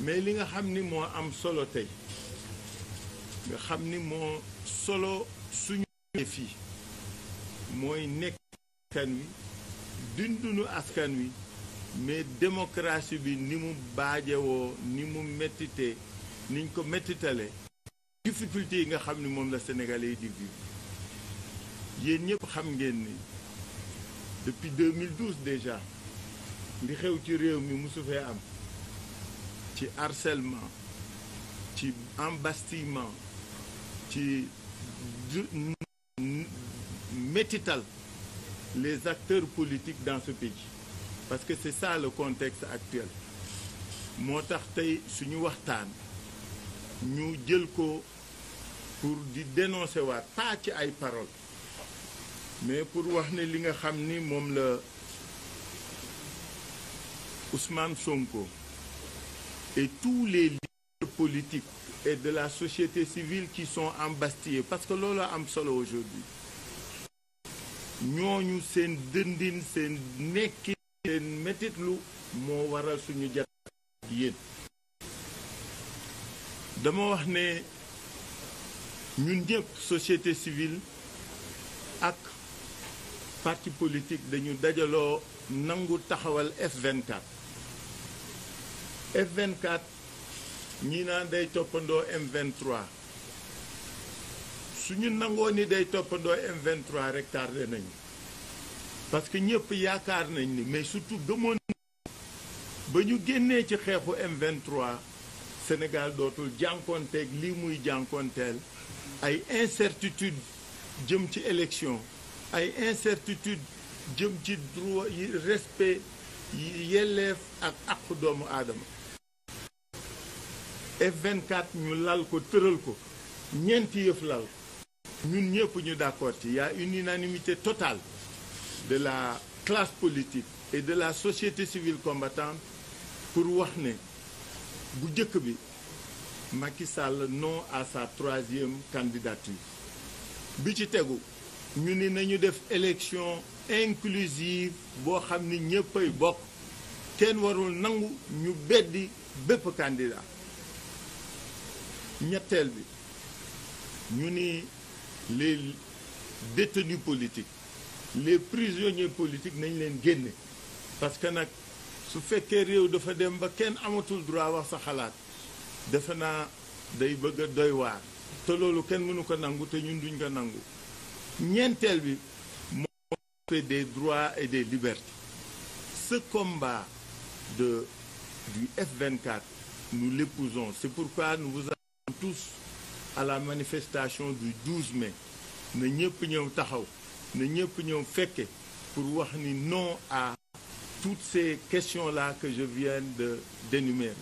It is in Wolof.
mais li nga xam ni moo am solo tey nga xam ni moo solo suñu fii mooy nekk askan wi dundunu askan wi mais démocratie bi ni mu baajewoo ni mu mettitee niñ ko mettitale difficulté yi nga xam ni moom la Sénégalais yi di vivre yéen ñëpp xam ngeen ni depuis 2012 déjà li xew ci réew mi musu fee am ci harcèlement ci embastillement ci métital les acteurs politiques dans ce pays parce que c'est ça le contexte actuel moo tax tey suñu waxtaan ñu jël ko pour di dénoncer waat pas ci ay paroles mais pour wax ne li nga xam ni moom la Ousmane Sonko et tous les leaders politiques et de la société civile qui sont embastillés parce que loolu am solo aujourd'hui ñu seen dëndin seen nekki seen métitlu moo waral suñu jat yéen dama wax ne ñun ñëpp société civile ak parti politique dañu dajaloo nangu taxawal f F24 ñii naan day toppandoo M23 suñu nangoo ni day toppandoo M23 rek tardé nañu parce que ñëpp yaakaar nañ ni mais surtout gëmoon ba ñu génnee ci xeexu M23 Sénégal dootul jànkoonteeg lii muy jànkoonteel ay incertitude jëm ci élection ay incertitude jëm ci droit yi respect yelleef ak aqu doomu aadama F24 ñu lal ko tëral ko ñeenti yëf lal ñun ñëpp ñu d'accord ci y a une unanimité totale de la classe politique et de la société civile combattante pour wax ne bu jëkk bi Macky Sall non à sa troisième candidature bi ci tegu ñu ni nañu def élection inclusive boo xam ni ñëppay bokk kenn warul nangu ñu beddi bépp candidat ñetteel bi ñu ni les détenus politiques les prisonniers politiques nañ leen génne parce que nag su fekkee réew dafa dem ba kenn amatul droit wax sa xalaat defe naa day bëgg a doy waar te loolu kenn mënu ko nangu te ñun duñ ko nangu ñeenteel bi moo des droits et des libertés ce combat de du F24 nous c'est pourquoi nous vous tous à la manifestation du 12 mai na ñëpp ñëw taxaw ne ñëpp ñëw fekke pour wax ni non à toutes ces questions-là que je viens de d'énumérer